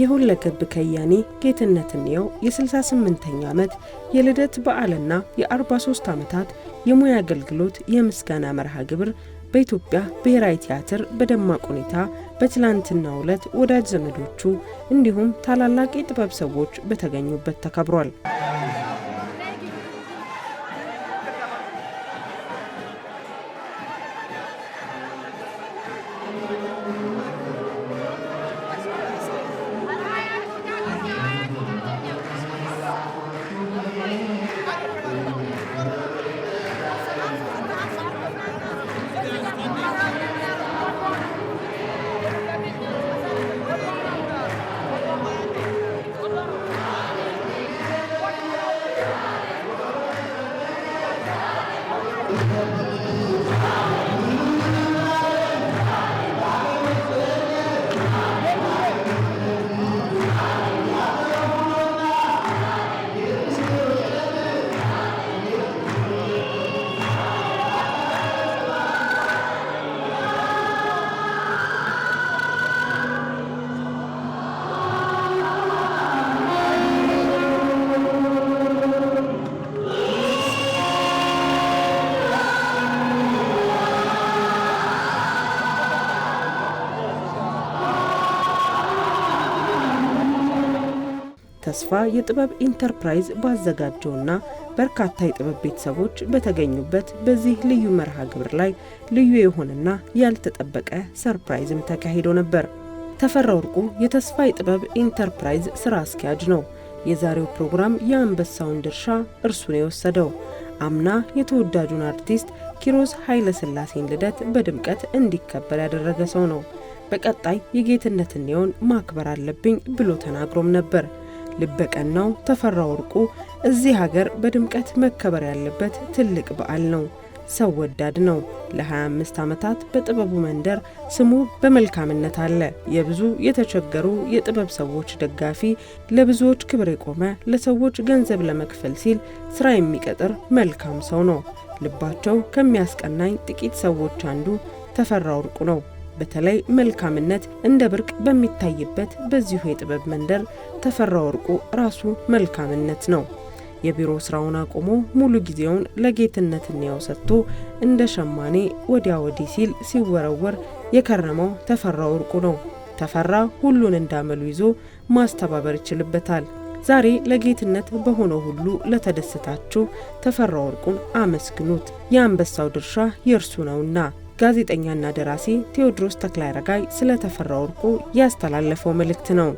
የሁለገብ ከያኔ ጌትነት እንየው የ68ኛ ዓመት የልደት በዓልና የ43 ዓመታት የሙያ አገልግሎት የምስጋና መርሃ ግብር በኢትዮጵያ ብሔራዊ ቲያትር በደማቅ ሁኔታ በትላንትናው ዕለት ወዳጅ ዘመዶቹ እንዲሁም ታላላቅ የጥበብ ሰዎች በተገኙበት ተከብሯል። ተስፋ የጥበብ ኢንተርፕራይዝ ባዘጋጀውና በርካታ የጥበብ ቤተሰቦች በተገኙበት በዚህ ልዩ መርሃ ግብር ላይ ልዩ የሆነና ያልተጠበቀ ሰርፕራይዝም ተካሂዶ ነበር። ተፈራ ወርቁ የተስፋ የጥበብ ኢንተርፕራይዝ ስራ አስኪያጅ ነው። የዛሬው ፕሮግራም የአንበሳውን ድርሻ እርሱን የወሰደው አምና የተወዳጁን አርቲስት ኪሮስ ኃይለሥላሴን ልደት በድምቀት እንዲከበር ያደረገ ሰው ነው። በቀጣይ የጌትነት እንየውን ማክበር አለብኝ ብሎ ተናግሮም ነበር። ልበቀናው ተፈራ ወርቁ እዚህ ሀገር በድምቀት መከበር ያለበት ትልቅ በዓል ነው። ሰው ወዳድ ነው። ለ25 ዓመታት በጥበቡ መንደር ስሙ በመልካምነት አለ። የብዙ የተቸገሩ የጥበብ ሰዎች ደጋፊ፣ ለብዙዎች ክብር የቆመ ለሰዎች ገንዘብ ለመክፈል ሲል ስራ የሚቀጥር መልካም ሰው ነው። ልባቸው ከሚያስቀናኝ ጥቂት ሰዎች አንዱ ተፈራ ወርቁ ነው። በተለይ መልካምነት እንደ ብርቅ በሚታይበት በዚሁ የጥበብ መንደር ተፈራ ወርቁ ራሱ መልካምነት ነው። የቢሮ ስራውን አቁሞ ሙሉ ጊዜውን ለጌትነት እንያው ሰጥቶ እንደ ሸማኔ ወዲያ ወዲህ ሲል ሲወረወር የከረመው ተፈራ ወርቁ ነው። ተፈራ ሁሉን እንዳመሉ ይዞ ማስተባበር ይችልበታል። ዛሬ ለጌትነት በሆነው ሁሉ ለተደሰታችሁ ተፈራ ወርቁን አመስግኑት፣ የአንበሳው ድርሻ የእርሱ ነውና። ጋዜጠኛና ደራሲ ቴዎድሮስ ተክለአረጋይ ስለ ተፈራ ወርቁ ያስተላለፈው መልእክት ነው።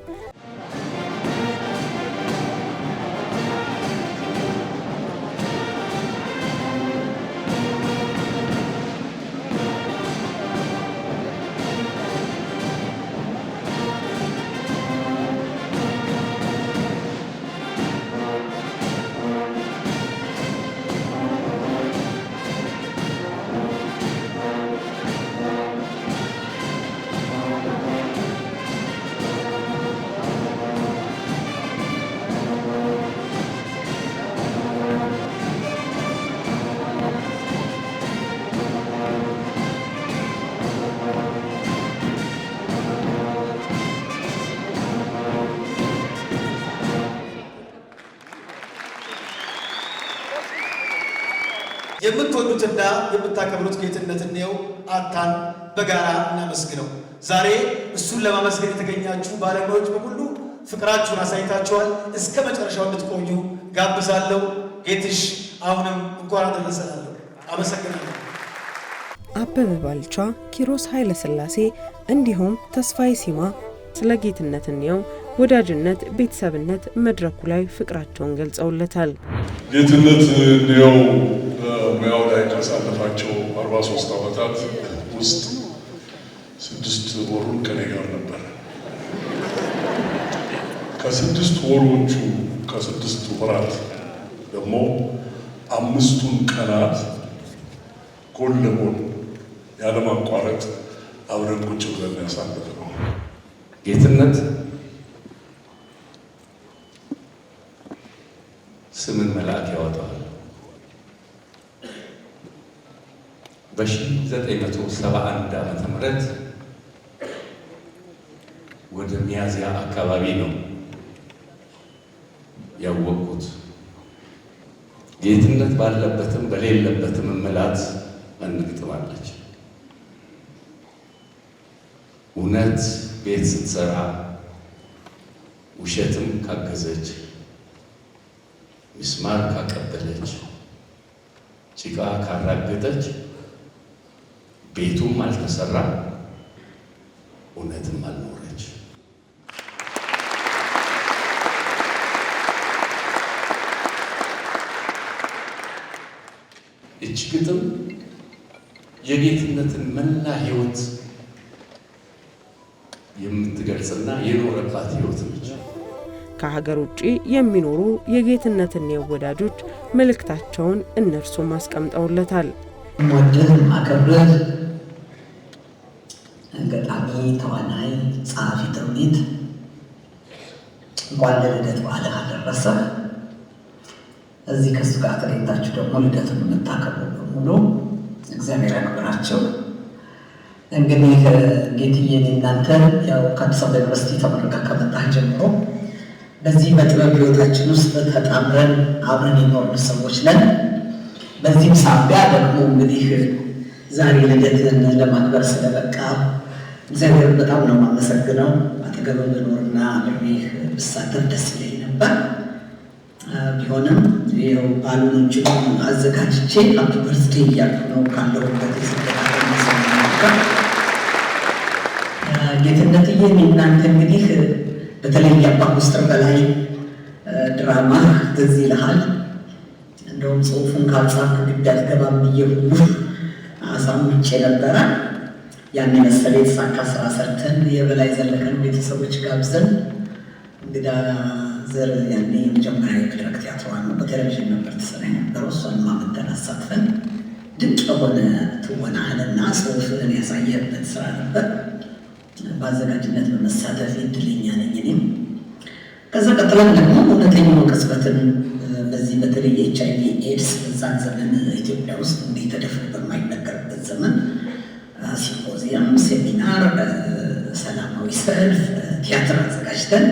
የምትወዱትና የምታከብሩት ጌትነት እንየው። አታን በጋራ እናመስግነው። ዛሬ እሱን ለማመስገን የተገኛችሁ ባለሙያዎች በሁሉ ፍቅራችሁን አሳይታችኋል። እስከ መጨረሻው እንድትቆዩ ጋብዛለሁ። ጌትሽ አሁንም እንኳን አደረሰላለሁ። አመሰግናለሁ። አበበ ባልቻ፣ ኪሮስ ኃይለ ሥላሴ እንዲሁም ተስፋዬ ሲማ ስለ ጌትነት እንየው ወዳጅነት፣ ቤተሰብነት መድረኩ ላይ ፍቅራቸውን ገልጸውለታል። ጌትነት እንየው በሙያው ላይ ካሳለፋቸው አርባ ሶስት ዓመታት ውስጥ ስድስት ወሩን ከኔ ጋር ነበር። ከስድስት ወሮቹ ከስድስት ወራት ደግሞ አምስቱን ቀናት ጎን ለጎን ያለማቋረጥ አብረን ቁጭ ብለን ያሳለፍነው ጌትነት በ1971 ዓመተ ምህረት ወደ ሚያዝያ አካባቢ ነው ያወቅኩት። ጌትነት ባለበትም በሌለበትም እምላት እንግጥማለች። እውነት ቤት ስትሰራ ውሸትም ካገዘች፣ ምስማር ካቀበለች፣ ጭቃ ካራገጠች ቤቱም አልተሰራ፣ እውነትም አልኖረች። እች ግጥም የጌትነትን መላ ህይወት የምትገልጽና የኖረባት ሕይወት ነች። ከሀገር ውጭ የሚኖሩ የጌትነትና የወዳጆች መልእክታቸውን እነርሱም አስቀምጠውለታል። ወደህም አከብረህ ገጣሚ፣ ተዋናይ፣ ጸሐፊ ትንቢት እንኳን ለልደት በዓል አደረሰ። እዚህ ከሱ ጋር ተገኝታችሁ ደግሞ ልደቱን የምታከብሩ በሙሉ እግዚአብሔር ያክብራቸው። እንግዲህ ጌትዬ እናንተ ያው ከአዲስ አበባ ዩኒቨርሲቲ ተመርቃ ከመጣህ ጀምሮ በዚህ በጥበብ ህይወታችን ውስጥ ተጣምረን አብረን የኖርን ሰዎች ነን። በዚህም ሳቢያ ደግሞ እንግዲህ ዛሬ ልደትን ለማክበር ስለበቃ እግዚአብሔር በጣም ነው የማመሰግነው። አጠገብ ብኖርና አብሬህ ብሳተፍ ደስ ይለኝ ነበር። ቢሆንም ይኸው ባሉኖች አዘጋጅቼ አቶ በርዝዴ እያልኩ ነው ካለሁበት ጌትነት ጌትነትዬ እናንተ እንግዲህ በተለይ የአባ ምስጢር በላይ ድራማ ትዝ ይልሃል። እንደውም ጽሁፉን ካልጻፍ ግድ አልገባም ብዬ ሁሉ አሳምቼ ነበራል። ያን የመሰለ የተሳካ ስራ ሰርተን የበላይ ዘለቀን ቤተሰቦች ጋብዘን እንግዳ ዘር ያኔ የመጀመሪያ የመድረክ ቲያትሯ ነው። በቴሌቪዥን ነበር ተሰራ የነበረው። እሷን ማመንተን አሳትፈን ድንቅ የሆነ ትወናህንና ጽሁፍን ያሳየበት ስራ ነበር። በአዘጋጅነት በመሳተፍ እድለኛ ነኝ እኔም። ከዛ ቀጥለን ደግሞ እውነተኛው ቅጽበትን በዚህ በተለይ ኤች አይ ቪ ኤድስ በዛን ዘመን ኢትዮጵያ ውስጥ እንዲህ ተደፍር በማይነገርበት ዘመን ሲምፖዚየም፣ ሴሚናር፣ ሰላማዊ ሰልፍ፣ ቲያትር አዘጋጅተን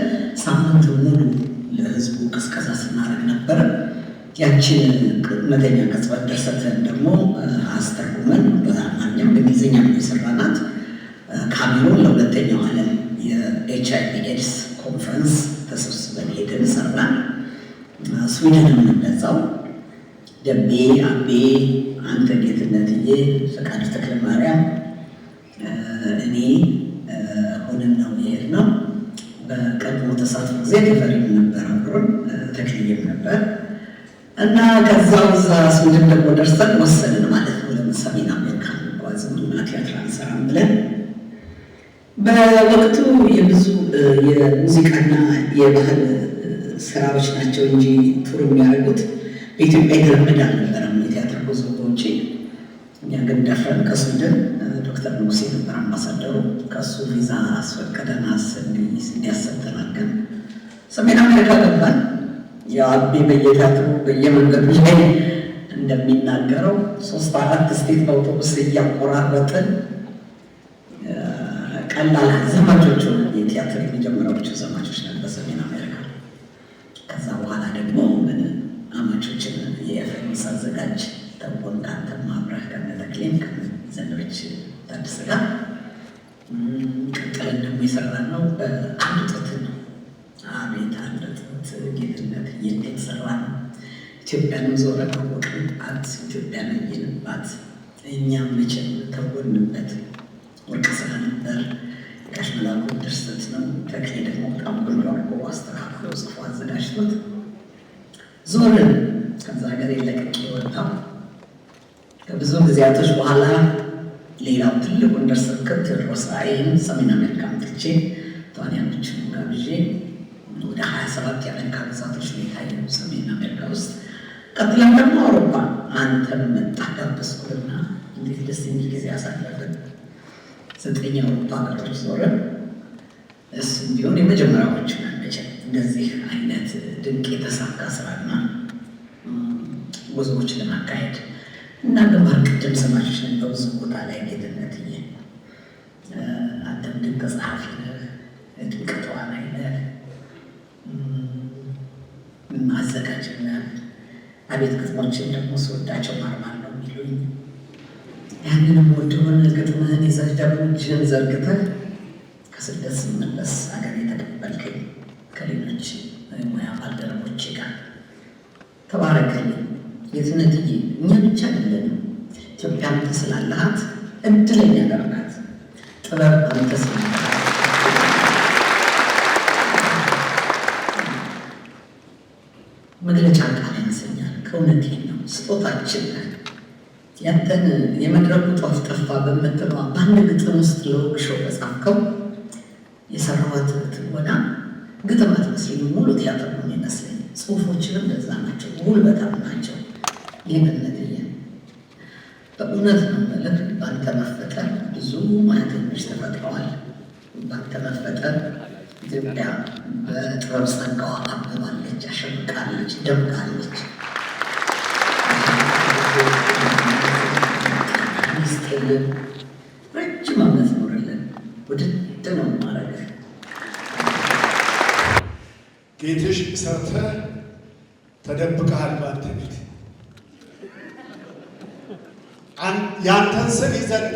ሳምንት ሙሉ ለህዝቡ ቅስቀሳ ስናደርግ ነበር። ያችን መተኛ ቅጽበት ደርሰትን ደግሞ አስተርጉመን በአማርኛም በእንግሊዝኛ የሰራናት ካሜሮን ለሁለተኛው ዓለም የኤች አይ ቪ ኤድስ ኮንፈረንስ ተሰብስበን ሄደን ሰራን። ስዊድንም እንደዛው ደቤ አቤ አንተ ጌትነትዬ ፈቃድ ተክለ ማርያም እኔ ሆነን ነው ይሄድ ነው። በቀድሞ ተሳትፎ ጊዜ ተፈሪም ነበር፣ አብሮን ተክልዬም ነበር እና ከዛ ዛ ስምድር ደግሞ ደርሰን ወሰንን ማለት ነው ለምሳሌ አሜሪካ ጓዝ ና ቲያትር አንሰራም ብለን በወቅቱ የብዙ የሙዚቃና የባህል ስራዎች ናቸው እንጂ ቱር የሚያደርጉት በኢትዮጵያ የተለመደ አልነበረም የቲያትር ጉዞ በውጭ። እኛ ግን ደፍረን ከሱደን ዶክተር ንጉሴ ነበር አምባሳደሩ። ከሱ ቪዛ አስፈቀደን እንዲያሰተናገን ሰሜን አሜሪካ ገባን። የአቤ በየቲያትሩ በየመንገዱ ላይ እንደሚናገረው ሶስት አራት ስቴት በአውቶቡስ እያቆራረጥን ቀላል ዘማቾቹ የቲያትር የመጀመሪያዎቹ ዘማቾች ነበር ሰሜን አሜሪካ። ከዛ በኋላ ደግሞ አማቾችን የኤፍሬም ሳዘጋጅ ተንቆን ከአንተም አብረህ ከነተክሌም ከዘንዶች ታድስ ጋር ቀጥለን ደግሞ የሰራ ነው አንድ ጥት ነው። አቤት አንድ ጥት ጌትነት የት ሰራ ነው። ኢትዮጵያን ዞረ ካወቅንባት ኢትዮጵያን አየንባት። እኛም መቼም ተጎንበት ወርቅ ስራ ነበር። ጋሽ መላኩ ድርሰት ነው። ተክሌ ደግሞ በጣም ብሎ አስተካክለው ጽፎ አዘጋጅቶት ዞርን። ከዛ ሀገር የለቀቅ የወጣ ከብዙ ጊዜያቶች በኋላ ሌላው ትልቁ እንደርሰብከት ከቴዎድሮስ ራዕይም ሰሜን አሜሪካን ትቼ ተዋንያኖችን ጋብዤ ወደ ሀያ ሰባት የአሜሪካ ግዛቶች የታየ ሰሜን አሜሪካ ውስጥ ቀጥለን ደግሞ አውሮፓ አንተም መጣ ጋበዝኩና እንዴት ደስ የሚል ጊዜ ያሳለፍን። ዘጠኝ አውሮፓ ሀገሮች ዞርን። እሱ እንዲሆን የመጀመሪያዎች እንደዚህ አይነት ድንቅ የተሳካ ስራና ጉዞዎች ለማካሄድ እና ግንባር ቅድም ስማችን በብዙ ቦታ ላይ ጌትነት እየ አንተም ድንቅ ጸሐፊ ነህ፣ ድንቅ ተዋናይ ነህ፣ አዘጋጅ ነህ። አቤት ግጥሞችን ደግሞ ስወዳቸው ማርማር ነው የሚሉኝ። ያንንም ወደሆነ ግጥምህን ይዘህ ደግሞ እጅህን ዘርግተህ ከስደት ስመለስ አገር የተቀበልከኝ ከሌሎች ሙያ ባልደረቦቼ ጋር ተባረክልኝ። የትነትዬ እኛ ብቻ አይደለንም። ኢትዮጵያ አንተ ስላለሃት እድለኛ ያደርጋት ጥበብ አንተ ስላለሃት መግለጫ ቃል ያንሰኛል። ከእውነቴ ነው ስጦታችን ነ ያንተን የመድረኩ ጧፍ ጠፋ በምትለዋ በአንድ ግጥም ውስጥ ለወግሾ በጻፍከው የሰራኋት ትወና ግጥም አትመስሉ ሙሉ ቲያትር ነው የሚመስለኝ። ጽሁፎችንም ለዛ ናቸው፣ ሙሉ በጣም ናቸው። ይህ በነትየ በእውነት ነው መልክ ባንተ መፈጠር ብዙ ማህተሞች ተፈጥረዋል። ባንተ መፈጠር ኢትዮጵያ በጥበብ ጸጋዋ አበባለች፣ አሸብቃለች፣ ደምቃለች። ሚስት ሰርተ ተደብቀሃል። ባንተ ቤት ያንተን ስም ይዘን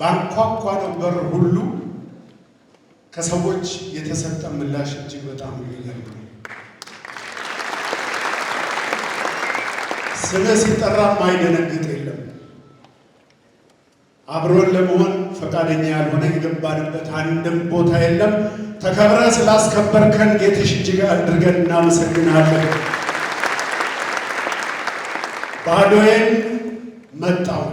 ባንኳኳ በር ሁሉ ከሰዎች የተሰጠ ምላሽ እጅግ በጣም ይለኛል። ስለ ሲጠራ ማይደነግጥ የለም። አብሮን ለመሆን ፈቃደኛ ያልሆነ የገባንበት አንድም ቦታ የለም። ተከብረ ስላስከበርከን ጌትሽ እጅግ አድርገን እናመሰግናለን። ባዶዬን መጣው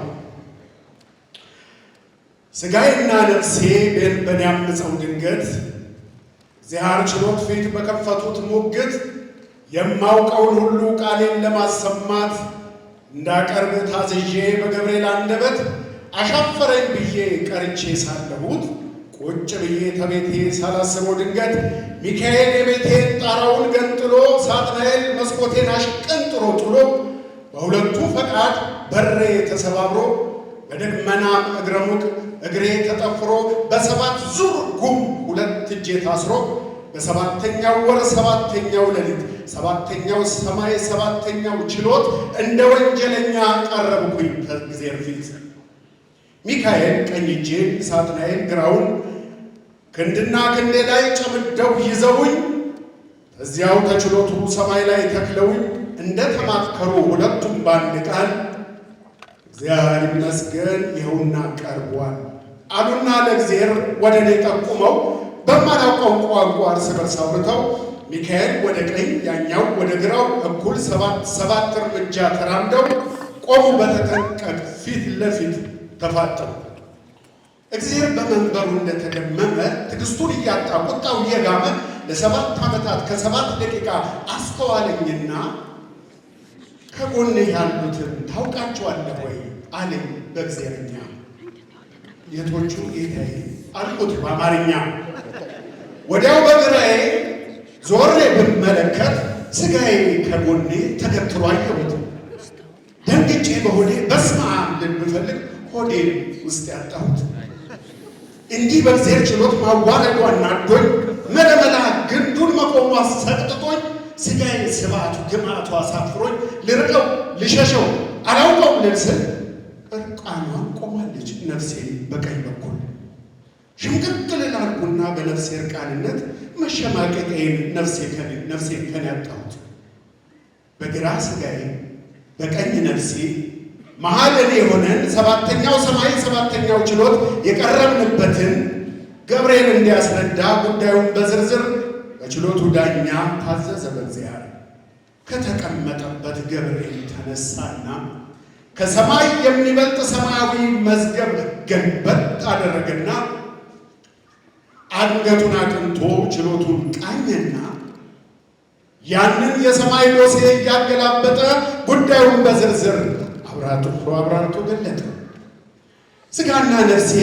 ሥጋዬና ነፍሴ በእኔ ያመፀው ድንገት ዚያር ችሎት ፊት በከፈቱት ሙግት የማውቀውን ሁሉ ቃሌን ለማሰማት እንዳቀርብ ታዝዤ በገብርኤል አንደበት አሻፈረኝ ብዬ ቀርቼ ሳለሁት ቁጭ ብዬ ከቤቴ ሳላስበው ድንገት ሚካኤል የቤቴን ጣራውን ገንጥሎ ሳጥናኤል መስኮቴን አሽቀንጥሮ ጥሎ በሁለቱ ፈቃድ በሬ ተሰባብሮ በደመና እግረ ሙቅ እግሬ ተጠፍሮ በሰባት ዙር ጉም ሁለት እጄ ታስሮ በሰባተኛው ወር ሰባተኛው ሌሊት ሰባተኛው ሰማይ ሰባተኛው ችሎት እንደ ወንጀለኛ ቀረብኩኝ ከእግዚአብሔር ፊት ሚካኤል ቀኝ እጄን፣ ሳጥናኤል ግራውን ክንድና ክንዴ ላይ ጨምደው ይዘውኝ እዚያው ከችሎቱ ሰማይ ላይ ተክለውኝ እንደ ተማከሩ ሁለቱም ባንድ ቃል እግዚአብሔር ይመስገን ይኸውና ቀርቧል አሉና ለእግዚአብሔር ወደ እኔ ጠቁመው በማላውቀው ቋንቋ እርስ በርስ አውርተው ሚካኤል ወደ ቀኝ ያኛው ወደ ግራው እኩል ሰባት ሰባት እርምጃ ተራምደው ቆሙ በተጠንቀቅ ፊት ለፊት ተፋጠሩ። እግዚአብሔር በመንበሩ እንደተደመመ ትዕግስቱን እያጣ ቁጣው እየጋመ ለሰባት ዓመታት ከሰባት ደቂቃ አስተዋለኝና ከጎን ያሉትን ታውቃቸዋለህ ወይ አለኝ በእግዚአብሔርኛ። የቶቹ ጌታዬ አልኩት በአማርኛ። ወዲያው በግራዬ ዞሬ ብመለከት ስጋዬ ከጎኔ ተገትሮ አየሁት። ደንግጬ በሆዴ በስመ አብ ሆዴን ውስጥ ያጣሁት እንዲህ በእግዚአብሔር ችሎት ማዋረዷ አናዶኝ፣ መለመላ ግንዱን መቆሟ ሰቅጥጦኝ፣ ስጋዬ ስባቱ ግማቱ አሳፍሮኝ፣ ልርቀው ልሸሸው አላውቀው ልልስል እርቃኗን ቆማለች ነፍሴ በቀኝ በኩል ሽምቅቅል ላርጉና በነፍሴ እርቃንነት መሸማቀቄን ነፍሴ ከን ያጣሁት በግራ ስጋዬ በቀኝ ነፍሴ መሐልን የሆነን ሰባተኛው ሰማይ ሰባተኛው ችሎት የቀረብንበትን ገብርኤል እንዲያስረዳ ጉዳዩን በዝርዝር በችሎቱ ዳኛ ታዘዘ። በዚያ ከተቀመጠበት ገብርኤል ተነሳና ከሰማይ የሚበልጥ ሰማያዊ መዝገብ ገንበት አደረገና አንገቱን አቅንቶ ችሎቱን ቃኘና ያንን የሰማይ ዶሴ እያገላበጠ ጉዳዩን በዝርዝር ሰው አብራርቶ ገለጠ። ስጋና ነፍሴ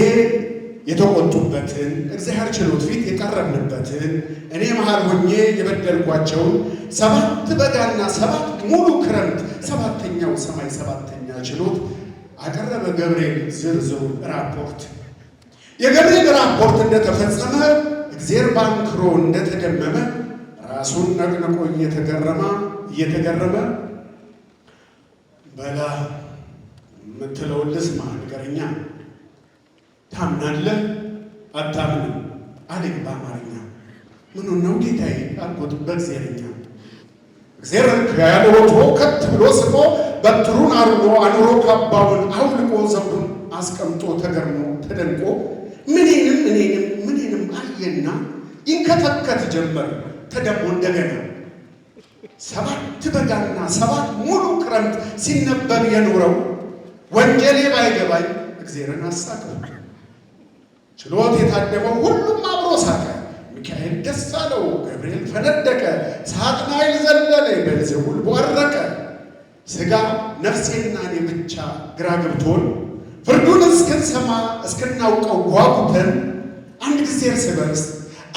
የተቆጡበትን እግዚአብሔር ችሎት ፊት የቀረብንበትን እኔ መሃል ሆኜ የበደልኳቸውን ሰባት በጋና ሰባት ሙሉ ክረምት ሰባተኛው ሰማይ ሰባተኛ ችሎት አቀረበ ገብርኤል ዝርዝሩ ራፖርት። የገብርኤል ራፖርት እንደተፈጸመ እግዜር ባንክሮ እንደተደመመ ራሱን ነቅነቆ እየተገረማ እየተገረመ በላ የምትለውን ልስማ፣ ነገረኛ ታምናለህ አታምንም አለኝ በአማርኛ። ምኑ ነው ጌታዬ አልኩት በእግዚአብሔርኛ። እግዚአብሔር ከያለ ወጥቶ ከት ብሎ ስቆ በትሩን አርጎ አኑሮ ካባውን አውልቆ ዘውዱን አስቀምጦ ተገርሞ ተደንቆ ምኔንም እኔንም ምኔንም አየና ይንከተከት ጀመር። ተደሞ እንደገና ሰባት በጋና ሰባት ሙሉ ክረምት ሲነበብ የኖረው ወንጌሌ ባይገባኝ እግዚአብሔርን አሳቀው። ችሎት የታደመው ሁሉም አብሮ ሳቀ። ሚካኤል ደስ አለው፣ ገብርኤል ፈነደቀ፣ ሳጥናኤል ዘለለ፣ ቤልዜቡል ቦረቀ። ሥጋ ነፍሴና እኔ ብቻ ግራ ገብቶን ፍርዱን እስክንሰማ እስክናውቀው ጓጉተን አንድ ጊዜ እርስ በርስ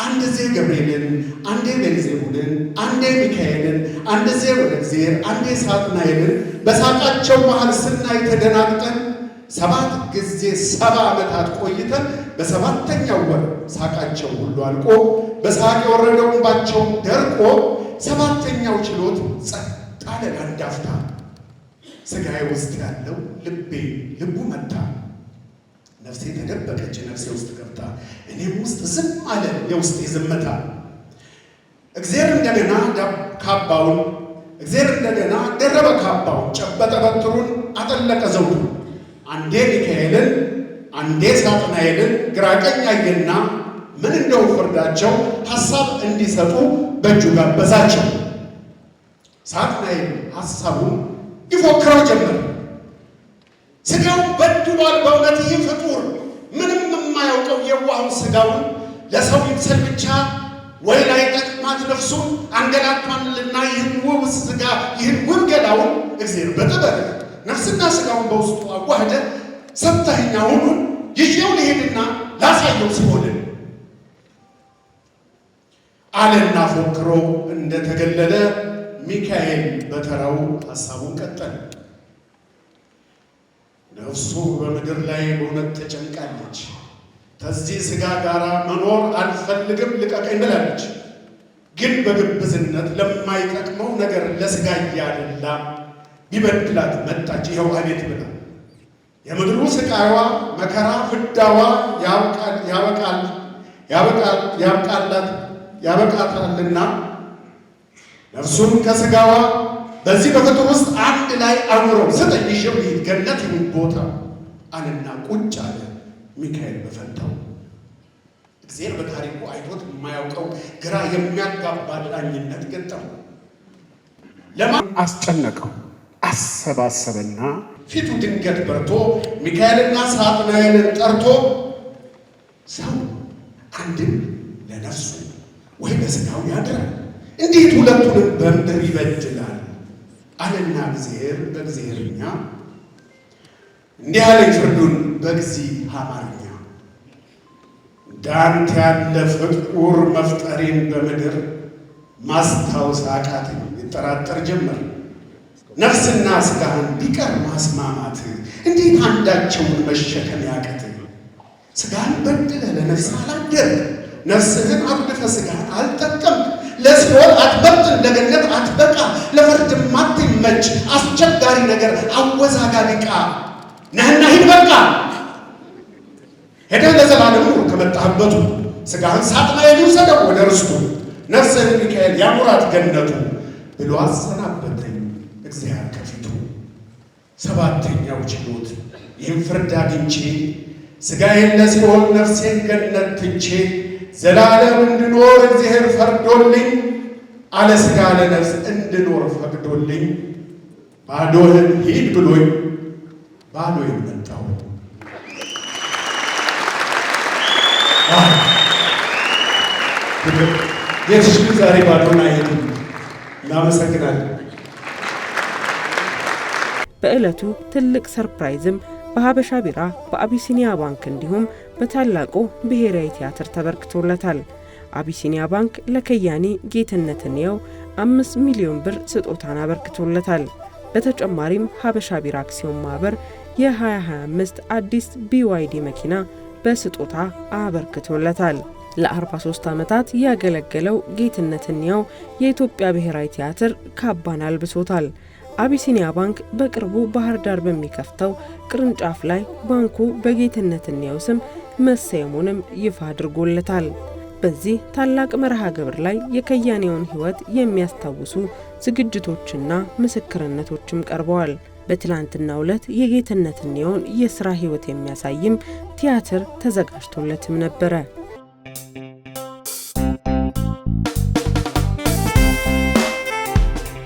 አንድ ዜ ገብርኤልን፣ አንዴ ቤልዜቡልን፣ አንዴ ሚካኤልን፣ አንድ ዜ ወደ እግዚአብሔር፣ አንዴ ሳጥናኤልን በሳቃቸው መሃል ስናይ ተደናግጠን ሰባት ጊዜ ሰባ ዓመታት ቆይተን በሰባተኛው ወር ሳቃቸው ሁሉ አልቆ በሳቅ የወረደው እንባቸውም ደርቆ ሰባተኛው ችሎት ጸጥ አለ። አንድ ስጋዬ ውስጥ ያለው ልቤ ልቡ መታ ነፍሴ ተደበቀች፣ ነፍሴ ውስጥ ገብታ እኔ ውስጥ ዝም አለ የውስጤ ዝምታ። እግዚአብሔር እንደገና ካባውን እግዚአብሔር እንደገና ደረበ ካባውን፣ ጨበጠ በትሩን፣ አጠለቀ ዘውዱ አንዴ ሚካኤልን አንዴ ሳጥናኤልን ግራ ቀኝ አየና ምን እንደው ፍርዳቸው ሐሳብ እንዲሰጡ በእጁ ጋበዛቸው። ሳጥናኤል ሐሳቡን ይፎክረው ጀመር። ስጋው በድሏል። በእውነት ይህ ፍጡር ምንም የማያውቀው የዋሁን ስጋውን ለሰው ይምሰል ብቻ ወይ ላይ ጠቅማት ነፍሱ አንገላቷንልና ይህን ውብ ስጋ ይህን ውብ ገላውን እግዚአብሔር በጥበብ ነፍስና ስጋውን በውስጡ አዋህደ ሰብታኛ ሁኑን ይዤው ልሄድና ላሳየው ሲሆንን አለና ፎክሮ እንደተገለለ ሚካኤል በተራው ሀሳቡን ቀጠለ። ነፍሱ በምድር ላይ በእውነት ተጨንቃለች። ከዚህ ስጋ ጋር መኖር አልፈልግም ልቀቀኝ ብላለች። ግን በግብዝነት ለማይጠቅመው ነገር ለስጋ እያደላ ቢበድላት መጣች። ይኸው አቤት ብላ የምድሩ ስቃይዋ መከራ ፍዳዋ ያበቃላት ያበቃታልና ነፍሱም ከስጋዋ በዚህ በቁጥር ውስጥ አንድ ላይ አኖረው ስጠኝ ይዤው ልሂድ ገነት ይሁን ቦታ አለና ቁጭ አለ። ሚካኤል በፈንታው እግዚአብሔር በታሪኩ አይቶት የማያውቀው ግራ የሚያጋባ ዳኝነት ገጠመው። ለማን አስጨነቀው፣ አሰባሰበና ፊቱ ድንገት በርቶ ሚካኤልና ሳጥናኤልን ጠርቶ ሰው አንድን ለነፍሱ ወይ በስጋው ያደረ እንዴት ሁለቱንም በምድር ይበድላል? አለና እግዚአብሔር በእግዚአብሔርኛ እንዲህ አለኝ ፍርዱን በእግዚአብሔርኛ ዳንት ያለ ፍጡር መፍጠሬን በምድር ማስታወስ አቃተኝ። ይጠራጠር ጀመር ነፍስና ስጋህን ቢቀር ማስማማት እንዴት አንዳቸውን መሸከም ያቀት ስጋህን በድለ ለነፍስ አላደር ነፍስህን አብድፈ ስጋህን አልጠቀም ለሲኦል አትመጥን፣ ለገነት አትበቃ፣ ለፍርድ ማትመች አስቸጋሪ ነገር፣ አወዛጋቢ ዕቃ ነህና ሂድ በቃ ሄደህ ለዘላለሙ ከመጣህበቱ ሥጋህን ሳጥናኤል ይውሰደው ወደ ርስቱ ነፍስህን ሚካኤል ያኑራት ገነቱ ብሎ አሰናበተኝ እግዚአብሔር ከፊቱ። ሰባተኛው ችሎት ይህም ፍርድ አግኝቼ ሥጋዬን ለሲኦል ነፍሴን ገነት ትቼ ዘላለም እንድኖር እግዚአብሔር ፈርዶልኝ፣ አለ ሥጋ ለነፍስ እንድኖር ፈቅዶልኝ፣ ባዶህን ሂድ ብሎኝ ባዶ መጣሁ። ጌትሽ ግን ዛሬ ባዶና አይሄድም። እናመሰግናለን። በዕለቱ ትልቅ ሰርፕራይዝም በሀበሻ ቢራ በአቢሲኒያ ባንክ እንዲሁም በታላቁ ብሔራዊ ቲያትር ተበርክቶለታል። አቢሲኒያ ባንክ ለከያኒ ጌትነት እንየው አምስት ሚሊዮን ብር ስጦታን አበርክቶለታል። በተጨማሪም ሀበሻ ቢራ አክሲዮን ማህበር የ2025 አዲስ ቢዋይዲ መኪና በስጦታ አበርክቶለታል። ለ43 ዓመታት ያገለገለው ጌትነት እንየው የኢትዮጵያ ብሔራዊ ቲያትር ካባን አልብሶታል። አቢሲኒያ ባንክ በቅርቡ ባህር ዳር በሚከፍተው ቅርንጫፍ ላይ ባንኩ በጌትነት እንየው ስም መሰየሙንም ይፋ አድርጎለታል። በዚህ ታላቅ መርሃ ግብር ላይ የከያኔውን ሕይወት የሚያስታውሱ ዝግጅቶችና ምስክርነቶችም ቀርበዋል። በትላንትና ዕለት የጌትነት እንየውን የሥራ ሕይወት የሚያሳይም ቲያትር ተዘጋጅቶለትም ነበረ።